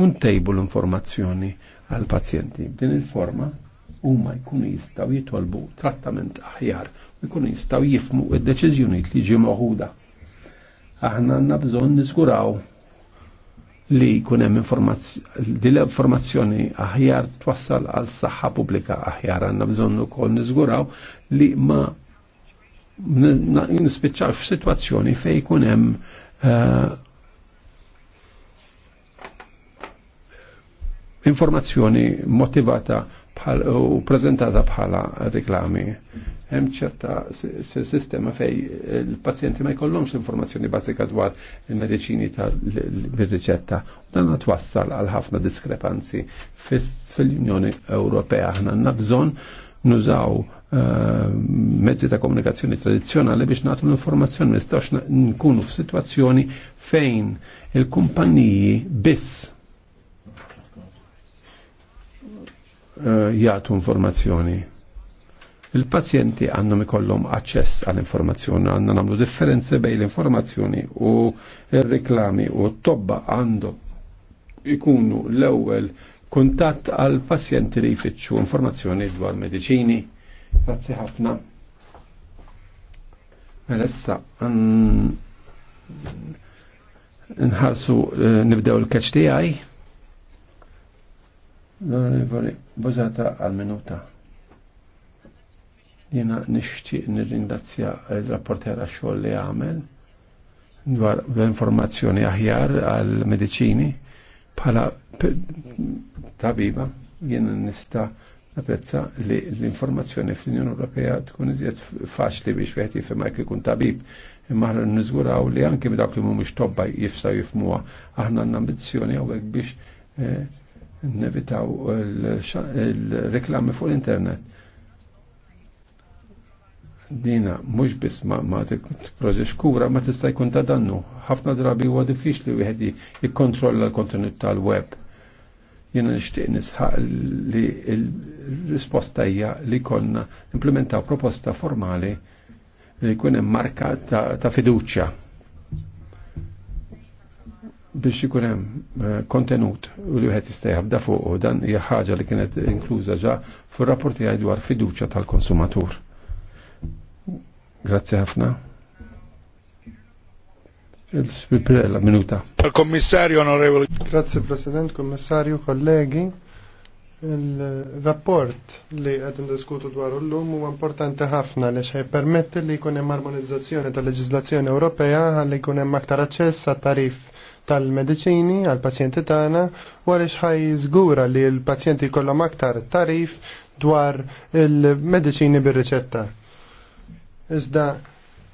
u ntejbu l-informazzjoni għal pazjenti. B'din il-forma huma jkunu jistgħu jitolbu trattament aħjar u jkunu jistgħu jifmu id-deċiżjonijiet li ġie Aħna għandna bżonn niżguraw li jkun hemm informazzjoni aħjar twassal għal saħħa pubblika aħjar għandna bżonn ukoll niżguraw li ma nispiċċaw f'sitwazzjoni fejn jkun hemm eh, informazzjoni motivata u prezentata bħala reklami. Hemm ċerta sistema fej il-pazjenti ma jkollhomx informazzjoni bażika dwar il-mediċini tal-riċetta. dan twassal għal ħafna diskrepanzi fil-Unjoni Ewropea. Aħna għandna bżonn nużaw eh, mezzi ta' komunikazzjoni tradizzjonali biex nagħtu l-informazzjoni, nistgħux nkunu f'sitwazzjoni fejn il-kumpaniji biss Eh, jagħtu informazzjoni. Il-pazjenti għandhom ikollhom aċċess għall-informazzjoni, għandna nagħmlu differenze bejn l-informazzjoni u r reklami u t-tobba għandu ikunu l-ewwel kuntatt għal pazjenti li jfittxu informazzjoni dwar mediċini. Grazzi ħafna. Mela nħarsu eh, nibdew il catch tiegħi. L-onorevoli Bozata għal-minuta. Jena nishtiq nir ringrazzja il rapporti għal xogħol li għamel dwar l-informazzjoni aħjar għal-medicini bħala tabiba jena nista napprezza li l-informazzjoni fl-Unjoni Ewropea tkun iżjed faċli biex wieħed jifhem jekk ikun tabib imma aħna niżguraw li anke dawk li mhumiex tobba jifsaw jifmuha aħna għandna ambizzjoni hawnhekk biex eh, nevitaw il-reklami fuq l-internet. Dina, mux bis ma, ma t-proġex kura ma tista' jkun ta' dannu. ħafna drabi huwa diffiċli wieħed jikkontrolla l-kontenut tal-web. Jiena nixtieq nisħaq li l-risposta hija li konna implementaw proposta formali li jkun hemm marka ta' fiduċja biex ikun hemm eh, kontenut u li wieħed jista' jabda fuq u dan hija ħaġa li kienet inkluża ġa fir rapporti għaj dwar fiduċja tal-konsumatur. Grazzi ħafna. il minuta. Il-Kommissarju onorevoli. Grazie President, Kommissarju, kollegi. Il-rapport li għed indiskutu dwar l-lum u importanti ħafna li xej permetti li jkun hemm armonizzazzjoni tal-leġislazzjoni Ewropea għalli jkun hemm aktar aċċess għat tarif tal-medicini għal-pazjenti tagħna wara xħaj żgura li l-pazjenti jkollhom aktar tarif dwar il-medicini bir-riċetta. Iżda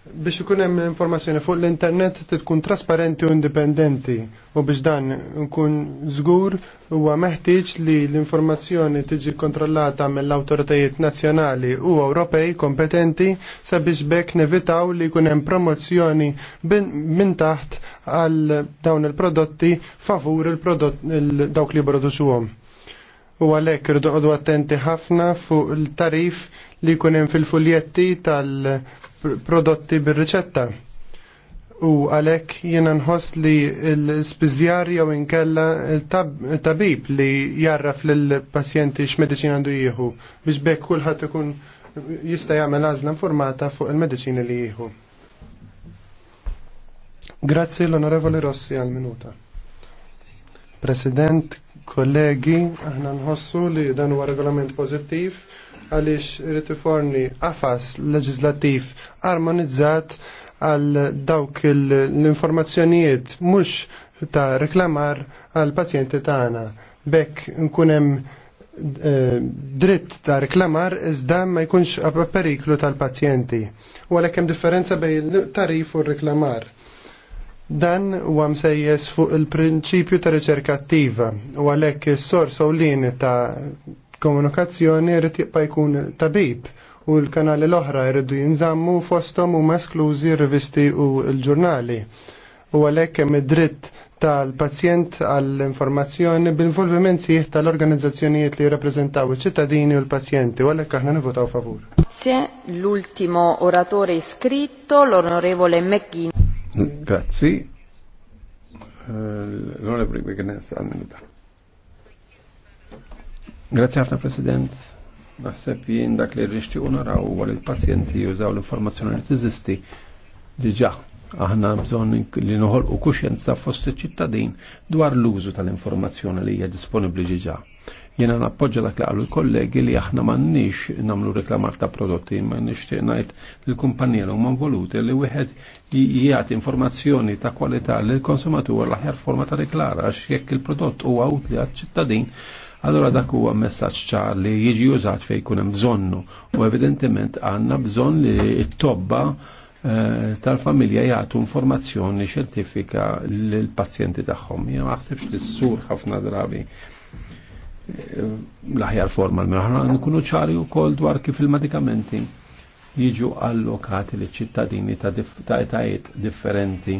biex ikun hemm informazzjoni fuq l-internet tkun trasparenti u indipendenti u biex dan nkun żgur huwa meħtieġ li l-informazzjoni tiġi kontrollata mill-awtoritajiet nazzjonali u Ewropej kompetenti sabiex bekk nevitaw li jkun hemm promozzjoni minn taħt għal dawn il-prodotti favur il-prodott il dawk li produċuhom. U għalhekk rridu għadu attenti ħafna fuq il-tarif li jkun hemm fil-fuljetti tal-prodotti bir-riċetta. U għalhekk jiena nħoss li l spizjar jew inkella tabib li jarraf lill-pazjenti x'mediċin għandu jieħu biex bekk kulħadd ikun jista' jagħmel għażla informata fuq il-mediċini li jieħu. Grazzi l Rossi għal minuta. President, kollegi, aħna nħossu li dan huwa regolament pożittiv għaliex irid iforni qafas leġislattiv armonizzat għal dawk l-informazzjonijiet mhux ta' reklamar għal pazjenti tagħna. Bekk nkun hemm eh, dritt ta' reklamar iżda ma jkunx periklu tal-pazjenti. U għalhekk hemm differenza bejn tarif u reklamar Dan huwa msejjes fuq il-prinċipju ta' riċerka attiva u għalhekk is-sors ewlien ta' komunikazzjoni jrid jibqa' jkun tabib u l-kanali l-oħra jridu jinżammu fosthom huma esklużi r-rivisti u l-ġurnali. U għalhekk hemm id-dritt tal-pazjent għall-informazzjoni b'involviment sieħ tal-organizzazzjonijiet li jirrappreżentaw iċ-ċittadini u l-pazjenti u għalhekk aħna nivotaw favur. Grazie. L-ultimo oratore iscritto, l'onorevole McGinn. Grazzi. Eh, L-onorevoli Wiggins għal-minuta. Grazzi ħafna President. Naħseb jien dak li rrixti unaraw għal il-pazjenti jużaw l-informazzjoni li tiżisti diġa aħna bżon li noħolqu kuxjenza fost iċ-ċittadin dwar l-użu tal-informazzjoni li hija disponibbli ġiġa. Jena nappoġġa dak li qalu l-kollegi li aħna m'għandniex nagħmlu reklamar ta' prodotti, ma nixtieq ngħid lill-kumpanija huma involuti li wieħed jagħti informazzjoni ta' kwalità lil konsumatur l-aħjar forma ta' deklara għax jekk il-prodott huwa utli għaċ-ċittadin Allora dak huwa messaġġ ċar li jiġi użat fejn jkun hemm bżonnu u evidentement għandna bżonn li t-tobba eh, tal-familja jgħatu informazzjoni xjentifika lill-pazjenti tagħhom. Jien ma ħsibx li ħafna drabi l-aħjar forma l-mraħna nkunu ċari u kol dwar kif il-medikamenti jiġu allokati li ċittadini ta' etajiet differenti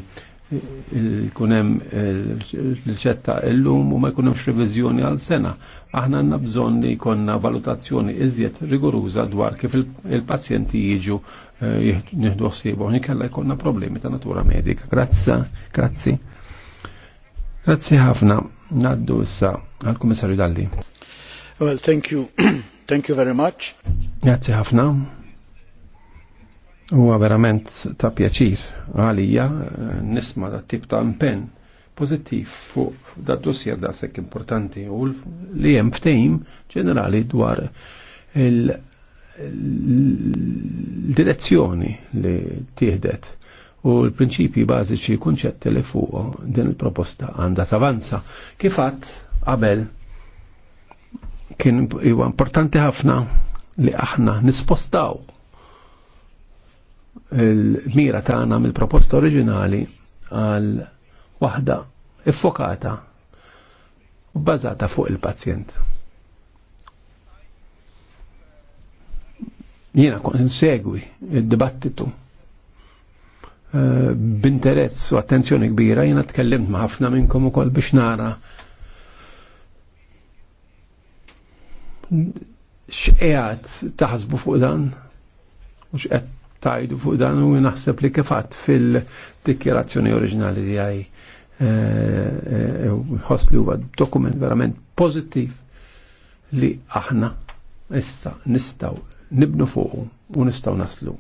kunem l-ċetta eh, l-lum u ma x revizjoni għal sena. Aħna għanna bżon li konna valutazzjoni iżjed rigoruza dwar kif il-pazjenti jiġu eh, nieħdu ħsibu. Nikella jkonna problemi ta' natura medika. Grazza, grazzi. Grazzi ħafna. Naddu issa għal-Kummissarju Dalli. Well, thank you. thank you very much. Grazzi ħafna. Huwa verament ta' pjaċir għalija nisma da' tip ta' impenn pozittiv fuq da' dossier da' sekk importanti u li hemm ftehim ġenerali dwar il-direzzjoni li tieħdet u l-prinċipji bażiċi kunċetti li fuq din il-proposta għandha tavanza. Kifat qabel kien huwa importanti ħafna li aħna nispostaw il-mira tagħna mill-proposta oriġinali għal waħda iffokata u bbażata fuq il-pazjent. Jiena kont insegwi id-dibattitu b'interess u attenzjoni kbira jiena tkellimt ma' ħafna minnkom ukoll biex nara x'qegħed taħsbu fuq dan u x'qed tajdu fuq dan u naħseb li kifat fil-dikjerazzjoni oriġinali tiegħi eh, eh, eh, ħoss li huwa dokument verament pożittiv li aħna issa nistaw nibnu fuqu u nistaw naslu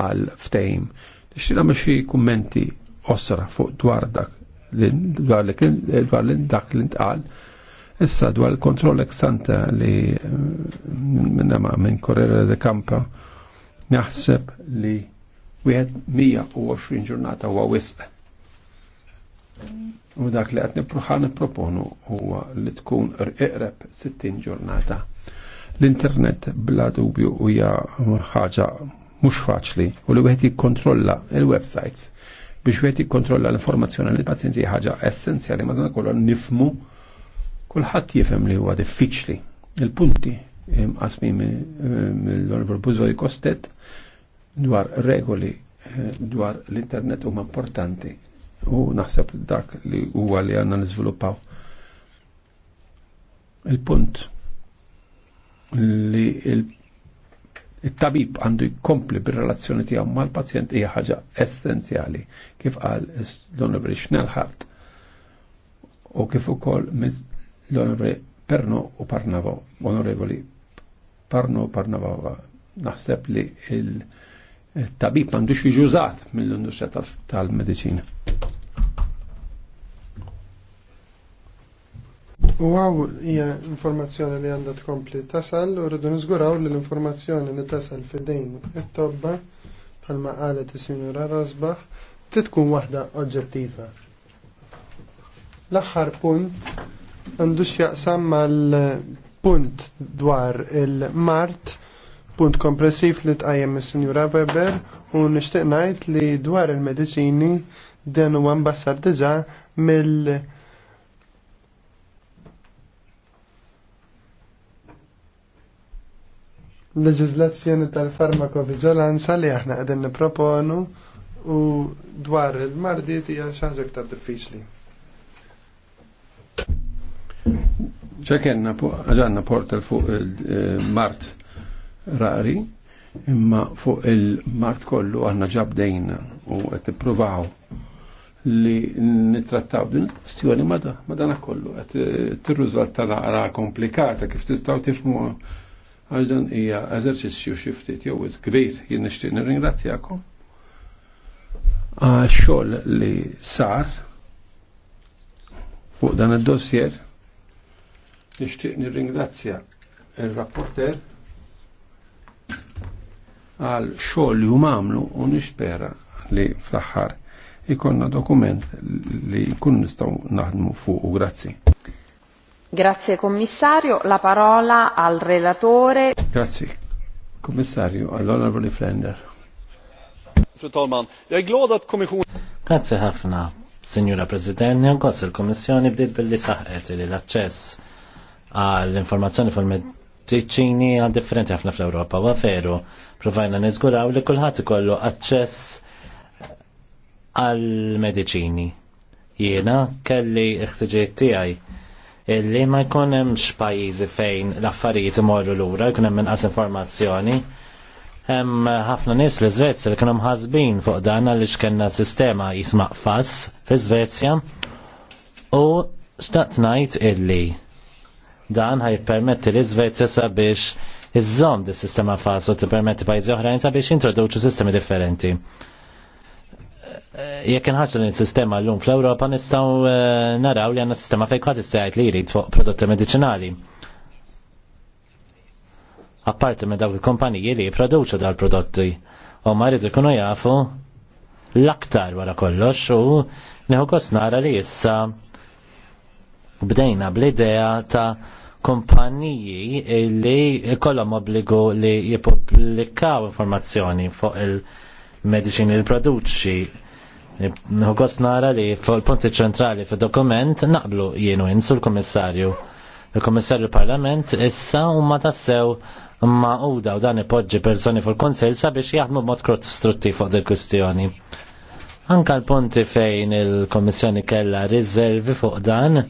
għal ftejm Nixtieq nagħmel xi kummenti osra fuq dwar dak eh, dwar li dak li ntqal. Issa dwar il-kontroll eksanta li eh, minna ma' minn Correra de Campa naħseb li wieħed 120 ġurnata huwa wisq. U dak li qed nippruħan nipproponu huwa li tkun iqreb 60 ġurnata. L-internet bla dubju huja ħaġa mhux faċli u li wieħed jikkontrolla il-websites biex wieħed jikkontrolla l-informazzjoni li pazjenti ħaġa essenzjali madonna kollha nifmu kulħadd jifhem li huwa diffiċli. Il-punti qasmi mill-Oliver Buzoj Kostet dwar regoli eh, dwar l-internet huma importanti u naħseb dak li huwa li għandna niżviluppaw. Il-punt li il it-tabib għandu jkompli bir-relazzjoni tiegħu mal-pazjent hija ħaġa essenzjali kif qal l-Onorevoli Schnellhardt u kif ukoll l-Onorevoli Perno u Parnavo, Onorevoli Parno u Parnavo naħseb li il-tabib għandu xi użat mill-industrija tal-medicina. U għaw hija informazzjoni li għandha tkompli tasal u rridu niżguraw li l-informazzjoni li tasal fidejn it-tobba bħalma qalet is-sinjura Rosbach titkun waħda oġġettiva. L-aħħar punt għandux jaqsam mal-punt dwar il-Mart punt kompressiv li tqajjem is-Sinjura Weber u nixtieq ngħid li dwar il-mediċini dan huwa mbassar diġà mill- leġizlazzjoni tal-farmakovigilanza li aħna għedin niproponu u dwar il-mardi hija xi ħaġa iktar diffiċli. Ċekenna għadanna portal fuq il-Mart eh, rari, imma fuq il-Mart kollu għanna ġabdejna u għet provaw li nitrattaw din il-kwestjoni ma dana kollu għet eh, t tal naqra komplikata kif tistaw tifmu għal dan hija eżerċizzju xi ftit jew iż kbir jien nixtieq nirringrazzjakom għal xogħol li sar fuq dan id-dossier nixtieq nirringrazzja il-rapporter għal xogħol li huma għamlu u nixpera li fl-aħħar ikonna dokument li kun nistgħu naħdmu fuq u grazzi. Grazie commissario, la parola al relatore. Grazie commissario, all'onorevole Flender. Fru talman, jag är glad att kommissionen... Grazie Hafna, signora President, njankos il Commissione bdiet billi saħqet li l-access għall-informazzjoni fil-medicini a differenti Hafna fl-Europa, u veru provajna nizguraw li kullħat ikollu access għall-medicini. Jiena kelli iħtiġiet tiegħi illi ma jkun hemmx pajjiżi fejn l-affarijiet imorru lura, jkun hemm inqas informazzjoni. Hemm ħafna nies fl iżvezja li kienu mħasbin fuq dan għaliex kellna sistema jisma' fass fi Svezja u staqt ngħid illi dan ħajpermetti li Svezja sabiex iżżomm dis-sistema fass u tippermetti pajjiżi oħrajn sabiex jintroduċu sistemi differenti jekk inħarsu li s-sistema l-lum fl-Ewropa nistgħu eh, naraw li għandna sistema fejn kħad istajt li jrid fuq prodotti mediċinali. Apparti minn dawk il-kumpaniji li jipproduċu dal-prodotti u ma jridu kunu jafu l-aktar wara kollox u neħu kost nara li issa bdejna bl-idea ta' kumpaniji li kollom obbligu li jipublikaw informazzjoni fuq il- mediċini il produċi. Nħogos nara li fuq il-punti ċentrali fid dokument naqblu jienu insu l-Komissarju. Il-Komissarju Parlament issa huma tassew ma u dan ipoġġi personi fuq il-Konsil sabiex jaħdmu mod strutti fuq dil kustjoni Anka l-punti fejn il-Komissjoni kella riservi fuq dan.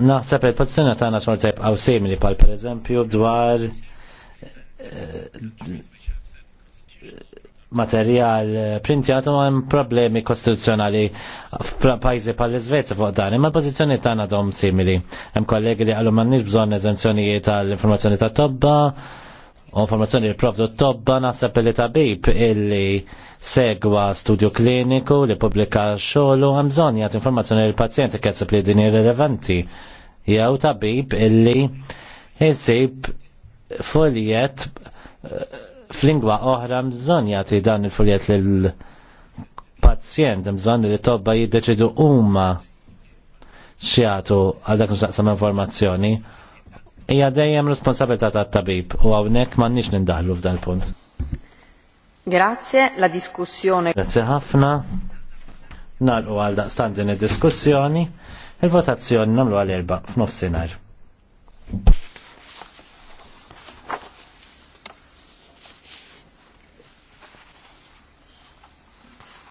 Naħseb il-pozizjoni tagħna xorta jibqgħu simili pal pereżempju dwar eh, materjal printjat u għem problemi kostituzzjonali f'pajzi pal iżvezja fuq dan. Imma l-pozizjoni tagħna dom simili. Hemm kollegi li qalu m'għandniex bżonn eżenzjonijiet tal-informazzjoni ta' tobba, u informazzjoni li provdu tobba naħseb li tabib illi segwa studju kliniku li pubblika xogħol hemm bżonn jagħti informazzjoni lill pazjenti keseb li din irrelevanti. Jew tabib illi jsib foljet f'lingwa oħra mżon jagħti dan il-fuljet l pazjent mżon li tobba jiddeċidu huma xiatu għal dak nxaqsam informazzjoni hija dejjem responsabilità tat-tabib u hawnhekk m'għandniex nindaħlu f'dan il-punt. Grazie, la diskussjoni. Grazie ħafna. Nalqu għal daqstant din id-diskussjoni. Il-votazzjoni nagħmlu għal erba' f'nofsinhar.